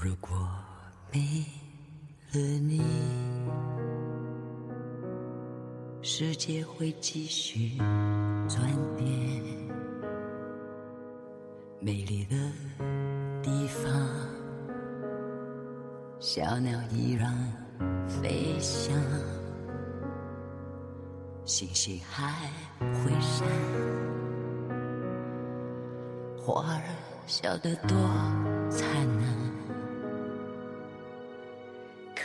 如果沒了你，世界會繼續轉變。美麗的地方，小鳥依然飛翔，星星還會閃，花兒笑得多燦爛。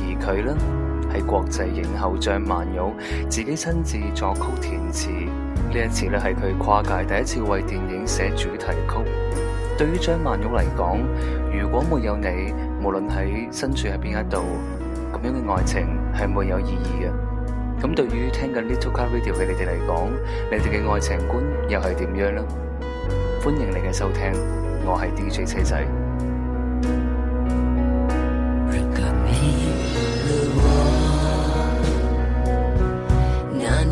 而佢咧係國際影后張曼玉自己親自作曲填詞，呢一次咧係佢跨界第一次為電影寫主題曲。對於張曼玉嚟講，如果沒有你，無論喺身處喺邊一度，咁樣嘅愛情係冇有意義嘅。咁對於聽緊 Little Car Video 嘅你哋嚟講，你哋嘅愛情觀又係點樣呢？歡迎你嘅收聽，我係 DJ 車仔。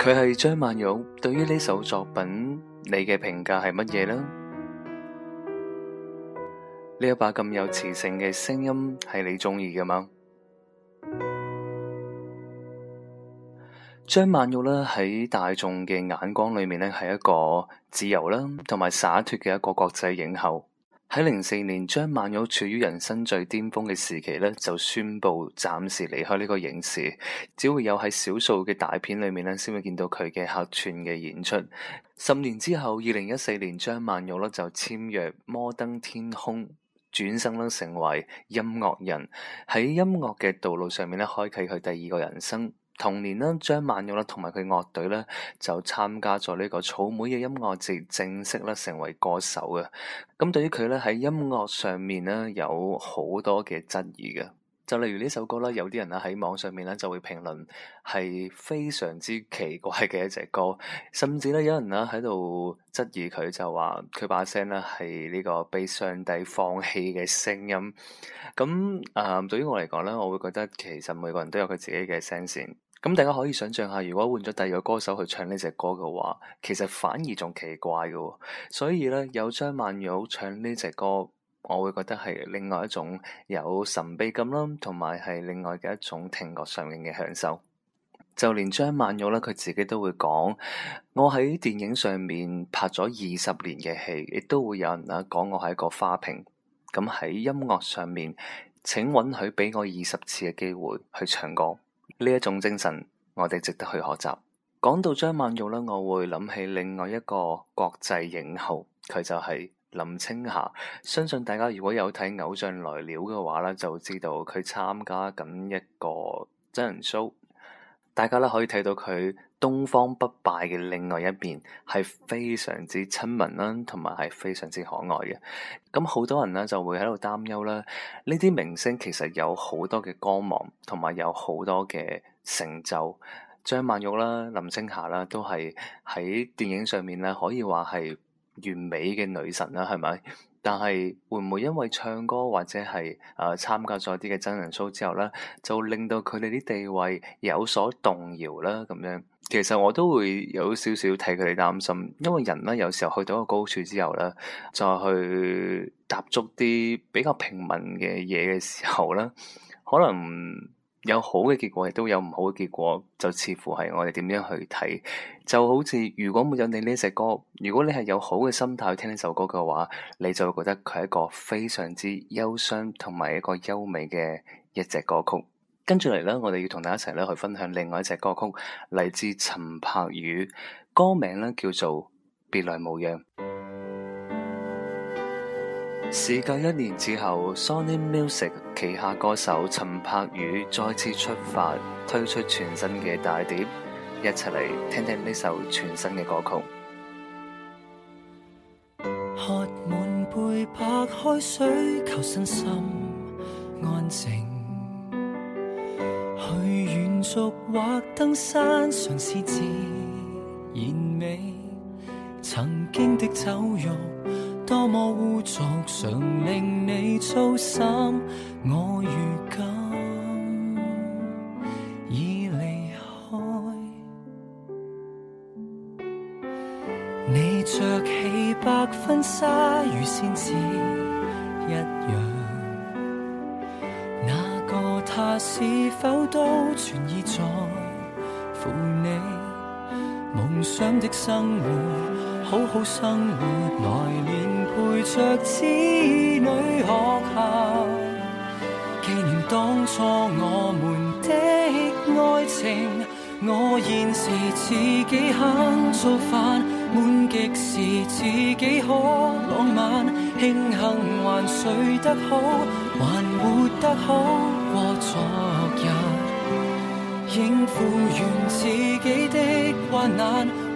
佢係張曼玉，對於呢首作品，你嘅評價係乜嘢呢？呢一把咁有磁性嘅聲音，係你鍾意嘅嗎？張曼玉呢，喺大眾嘅眼光裏面呢，係一個自由啦，同埋灑脫嘅一個國際影后。喺零四年，張曼玉處於人生最巔峰嘅時期呢，就宣布暫時離開呢個影視，只會有喺少數嘅大片裏面呢，先會見到佢嘅客串嘅演出。十年之後，二零一四年，張曼玉呢，就簽約摩登天空，轉身咧成為音樂人，喺音樂嘅道路上面呢，開啟佢第二個人生。同年咧，張曼玉咧同埋佢樂隊咧就參加咗呢個草莓嘅音樂節，正式咧成為歌手嘅。咁對於佢咧喺音樂上面咧有好多嘅質疑嘅，就例如呢首歌咧，有啲人咧喺網上面咧就會評論係非常之奇怪嘅一隻歌，甚至咧有人咧喺度質疑佢就話佢把聲咧係呢個被上帝放棄嘅聲音。咁啊，對，呃，於我嚟講咧，我會覺得其實每個人都有佢自己嘅聲線。咁大家可以想象下，如果換咗第二個歌手去唱呢隻歌嘅話，其實反而仲奇怪嘅。所以咧，有張曼玉唱呢隻歌，我會覺得係另外一種有神秘感啦，同埋係另外嘅一種聽覺上面嘅享受。就連張曼玉咧，佢自己都會講：我喺電影上面拍咗二十年嘅戲，亦都會有人啊講我係一個花瓶。咁喺音樂上面，請允許俾我二十次嘅機會去唱歌。呢一種精神，我哋值得去學習。講到張曼玉呢，我會諗起另外一個國際影后，佢就係林青霞。相信大家如果有睇《偶像來了》嘅話呢，就知道佢參加緊一個真人 show。大家咧可以睇到佢東方不敗嘅另外一面，係非常之親民啦，同埋係非常之可愛嘅。咁好多人咧就會喺度擔憂啦，呢啲明星其實有好多嘅光芒，同埋有好多嘅成就。張曼玉啦、林青霞啦，都係喺電影上面咧可以話係完美嘅女神啦，係咪？但係會唔會因為唱歌或者係誒、呃、參加咗啲嘅真人 show 之後咧，就令到佢哋啲地位有所動搖咧？咁樣，其實我都會有少少替佢哋擔心，因為人咧有時候去到一個高處之後咧，再去踏足啲比較平民嘅嘢嘅時候咧，可能。有好嘅結果，亦都有唔好嘅結果，就似乎係我哋點樣去睇。就好似如果沒有你呢隻歌，如果你係有好嘅心態去聽呢首歌嘅話，你就會覺得佢係一個非常之憂傷同埋一個優美嘅一隻歌曲。跟住嚟咧，我哋要同大家一齊咧去分享另外一隻歌曲，嚟自陳柏宇，歌名咧叫做《別來無恙》。事隔一年之後，Sony Music 旗下歌手陳柏宇再次出發，推出全新嘅大碟，一齊嚟聽聽呢首全新嘅歌曲。喝滿杯白開水，求身心安靜；去遠足或登山，嘗試自然美。曾經的走肉。多麼污濁，常令你操心。我如今已離開。你着起白婚紗，如仙子一樣。那個他是否都存意在乎你夢想的生活？好好生活，來年陪着子女學行。紀念當初我們的愛情，我現時自己肯做飯，悶極時自己可浪漫，慶幸還睡得好，還活得好過昨日，應付完自己的困難。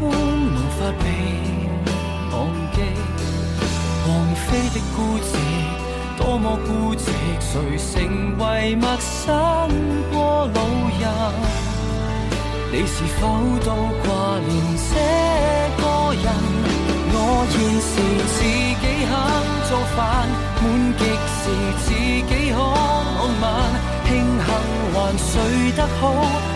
般無法被忘記，王菲的孤寂多麼孤寂，誰成為陌生過路人？你是否都掛念這個人？我現時自己肯做飯，悶極時自己可浪漫，慶幸還睡得好。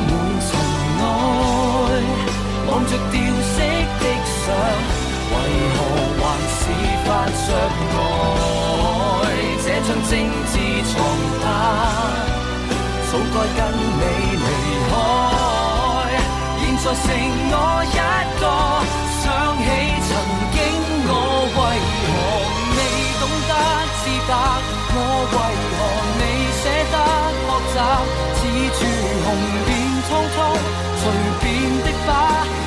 靜字床榻，早該跟你離開。現在剩我一個，想起曾經，我為何未懂得自白？我為何未捨得學習？此處紅變蒼蒼，隨便的花。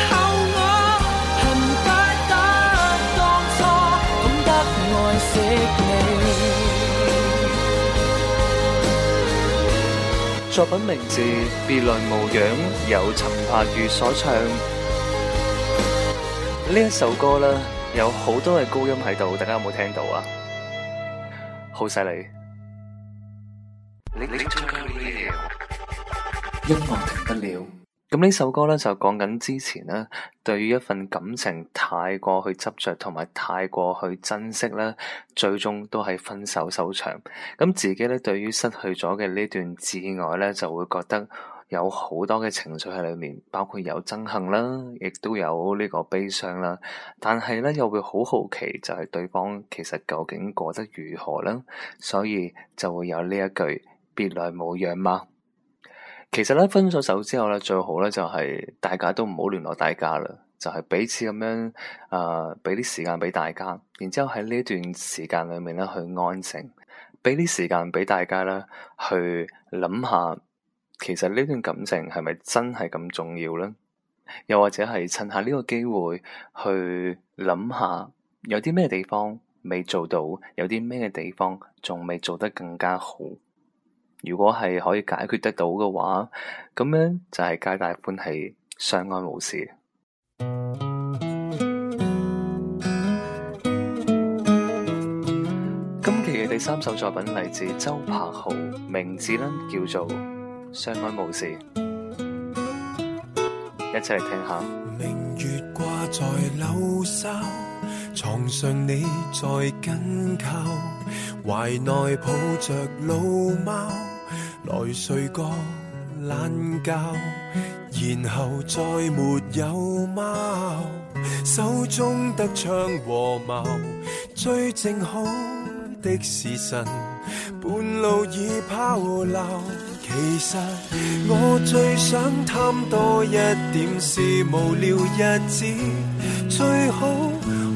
恨不得得當初懂得愛惜你。作品名字《別來無恙》，由陳柏宇所唱。呢一首歌呢，有好多嘅高音喺度，大家有冇聽到啊？好犀利！音樂停不了。咁呢首歌咧就講緊之前呢，對於一份感情太過去執着，同埋太過去珍惜啦，最終都係分手收場。咁自己咧對於失去咗嘅呢段摯愛咧，就會覺得有好多嘅情緒喺裏面，包括有憎恨啦，亦都有呢個悲傷啦。但係咧又會好好奇，就係、是、對方其實究竟過得如何啦，所以就會有呢一句。別來無恙嘛？其實咧，分咗手之後咧，最好咧就係大家都唔好聯絡大家啦，就係、是、彼此咁樣啊，俾、呃、啲時間俾大家。然之後喺呢段時間裏面咧，去安靜，俾啲時間俾大家咧去諗下，其實呢段感情係咪真係咁重要咧？又或者係趁下呢個機會去諗下，有啲咩地方，未做到，有啲咩嘅地方仲未做得更加好。如果係可以解決得到嘅話，咁樣就係皆大歡喜，相安無事。今期嘅第三首作品嚟自周柏豪，名字呢叫做《相安無事》，一齊嚟聽下。明月掛在柳梢，床上你在緊靠，懷內抱着老貓。來睡個懶覺，然後再沒有貓。手中得槍和矛，最正好的時辰，半路已拋錨。其實我最想貪多一點是無聊日子，最好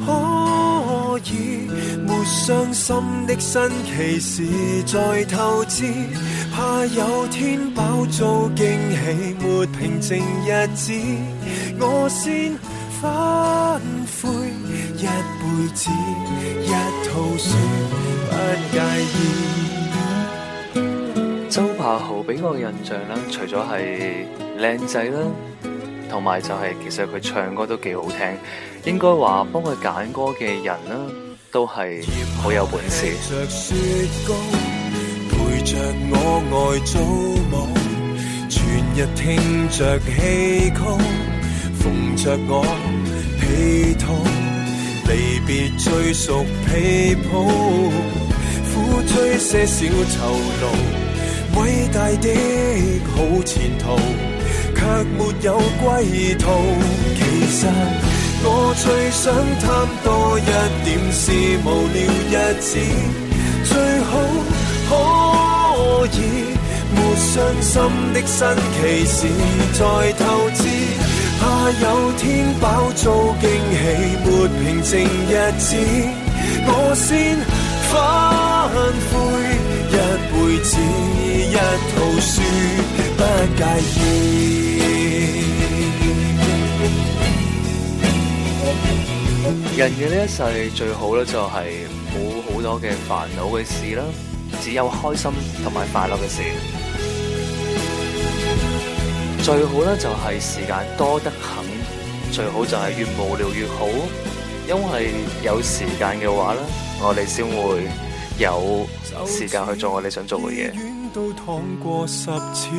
可以沒傷心的新奇事在透支。怕有天飽遭驚喜，沒平靜日子，我先反悔一輩子，一套書不介意。周柏豪俾我嘅印象咧，除咗係靚仔啦，同埋就係其實佢唱歌都幾好聽，應該話幫佢揀歌嘅人啦，都係好有本事。着我愛做夢，全日聽着戲曲，縫着我被套，離別最熟被鋪，苦追些小酬勞，偉大的好前途，卻沒有歸途。其實我最想貪多一點是無聊日子，最好可。好沒傷心的新奇事再透支，怕有天飽遭驚喜，沒平靜日子，我先反悔，一輩子一套書。不介意人嘅呢一世最好咧，就係冇好多嘅煩惱嘅事啦。只有開心同埋快樂嘅事最好咧，就係時間多得很，最好就係越無聊越好，因為有時間嘅話咧，我哋先會有時間去做我哋想做嘅嘢。到躺過十次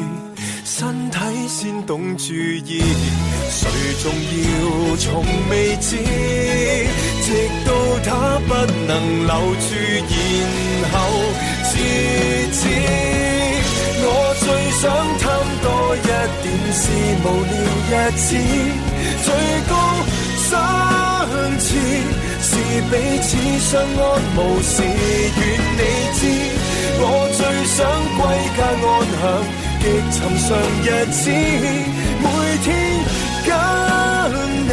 身體先懂注意誰重要，從未知直到他不能留住，然後日子，我最想貪多一點是無聊日子，最高層次是彼此相安無事，願你知。我最想歸家安享極尋常日子，每天跟你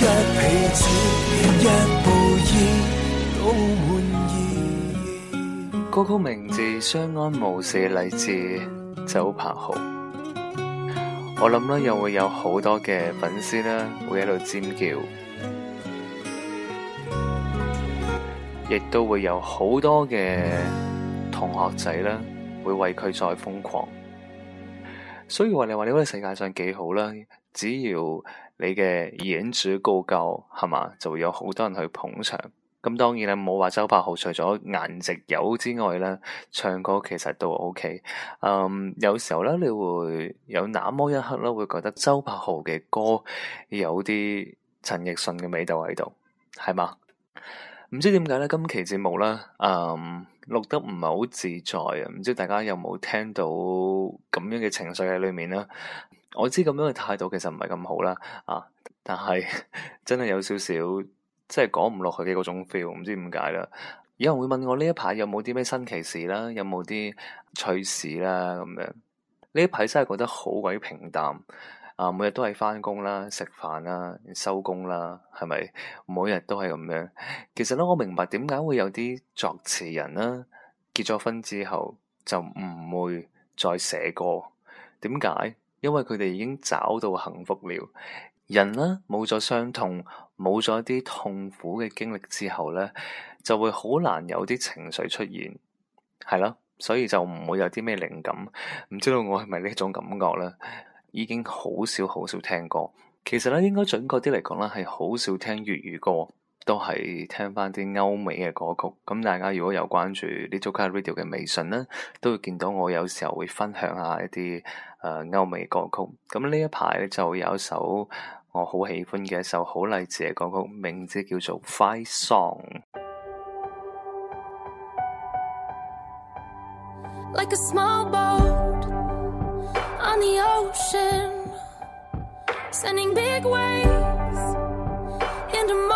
一被子，一步衣都滿。歌曲名字《相安無事》嘅李志周柏豪，我諗咧又會有好多嘅粉絲咧會喺度尖叫，亦都會有好多嘅同學仔咧會為佢再瘋狂，所以話你話呢個世界上幾好啦，只要你嘅演主夠高係嘛，就會有好多人去捧場。咁當然啦，冇話周柏豪除咗顏值有之外咧，唱歌其實都 OK。嗯，有時候咧，你會有那麼一刻咧，會覺得周柏豪嘅歌有啲陳奕迅嘅味道喺度，係嘛？唔知點解咧，今期節目咧，嗯，錄得唔係好自在啊！唔知大家有冇聽到咁樣嘅情緒喺裏面咧？我知咁樣嘅態度其實唔係咁好啦，啊，但係真係有少少。即係講唔落去嘅嗰種 feel，唔知點解啦。有人會問我呢一排有冇啲咩新奇事啦，有冇啲趣事啦咁樣？呢一排真係覺得好鬼平淡啊！每日都係翻工啦、食飯啦、收工啦，係咪？每日都係咁樣。其實咧，我明白點解會有啲作詞人啦，結咗婚之後就唔會再寫歌。點解？因為佢哋已經找到幸福了。人呢，冇咗傷痛，冇咗啲痛苦嘅經歷之後呢，就會好難有啲情緒出現，係囉，所以就唔會有啲咩靈感。唔知道我係咪呢種感覺呢？已經好少好少聽歌。其實呢，應該準確啲嚟講呢係好少聽粵語歌。都係聽翻啲歐美嘅歌曲，咁大家如果有關注呢組卡 radio 嘅微信呢，都會見到我有時候會分享一下一啲誒、呃、歐美歌曲。咁呢一排咧就有一首我好喜歡嘅一首好勵志嘅歌曲，名字叫做《Fight Song》。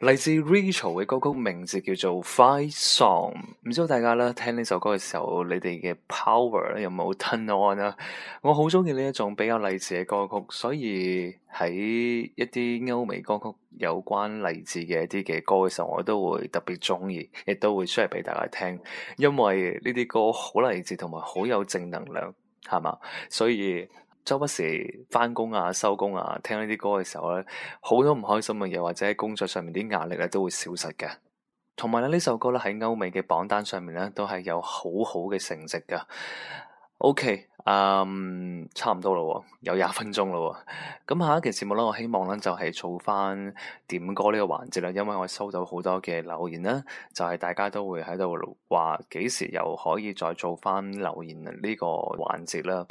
嚟自 Rachel 嘅歌曲名字叫做 Fight Song，唔知道大家呢聽呢首歌嘅時候，你哋嘅 power 有冇 turn on 呀？我好中意呢一種比較勵志嘅歌曲，所以喺一啲歐美歌曲有關勵志嘅一啲嘅歌嘅時候，我都會特別中意，亦都會出嚟畀大家聽，因為呢啲歌好勵志同埋好有正能量，係嘛？所以。周不時翻工啊、收工啊，聽呢啲歌嘅時候咧，好多唔開心嘅嘢，或者工作上面啲壓力咧，都會消失嘅。同埋咧，呢首歌咧喺歐美嘅榜單上面咧，都係有好好嘅成績噶。OK，嗯，差唔多咯，哦，有廿分鐘咯。咁下一期節目咧，我希望咧就係做翻點歌呢個環節啦，因為我收到好多嘅留言啦，就係大家都會喺度話幾時又可以再做翻留言呢個環節啦。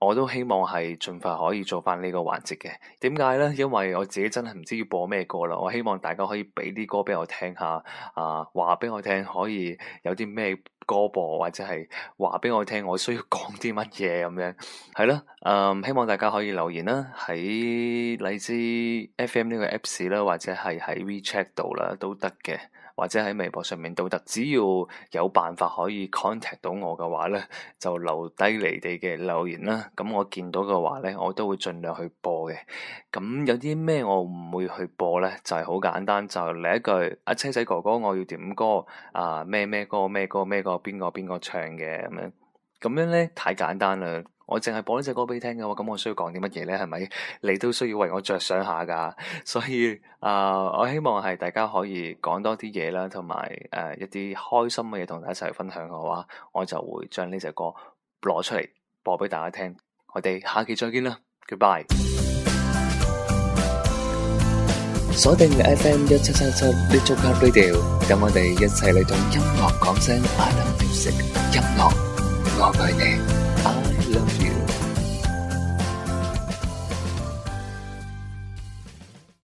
我都希望係盡快可以做翻呢個環節嘅。點解咧？因為我自己真係唔知要播咩歌啦。我希望大家可以畀啲歌俾我聽下，啊、呃，話俾我聽可以有啲咩歌播，或者係話俾我聽我需要講啲乜嘢咁樣。係咯，嗯，希望大家可以留言啦，喺荔枝 F.M. 呢個 Apps 啦，或者係喺 WeChat 度啦，都得嘅。或者喺微博上面都得，只要有辦法可以 contact 到我嘅話咧，就留低你哋嘅留言啦。咁我見到嘅話咧，我都會盡量去播嘅。咁有啲咩我唔會去播咧，就係好簡單，就嚟一句啊，車仔哥哥，我要點歌啊，咩咩歌咩歌咩歌，邊個邊個唱嘅咁樣，咁樣咧太簡單啦。我淨係播呢隻歌俾你聽嘅話，咁我需要講啲乜嘢咧？係咪？你都需要為我着想下噶。所以啊、呃，我希望係大家可以講多啲嘢啦，同埋誒一啲開心嘅嘢同大家一齊分享嘅話，我就會將呢隻歌攞出嚟播俾大家聽。我哋下期再見啦，Goodbye。鎖定 F M 一七三七的中港 radio，r 讓我哋一齊嚟用音樂講聲快樂美食，Adam, 音樂我愛你。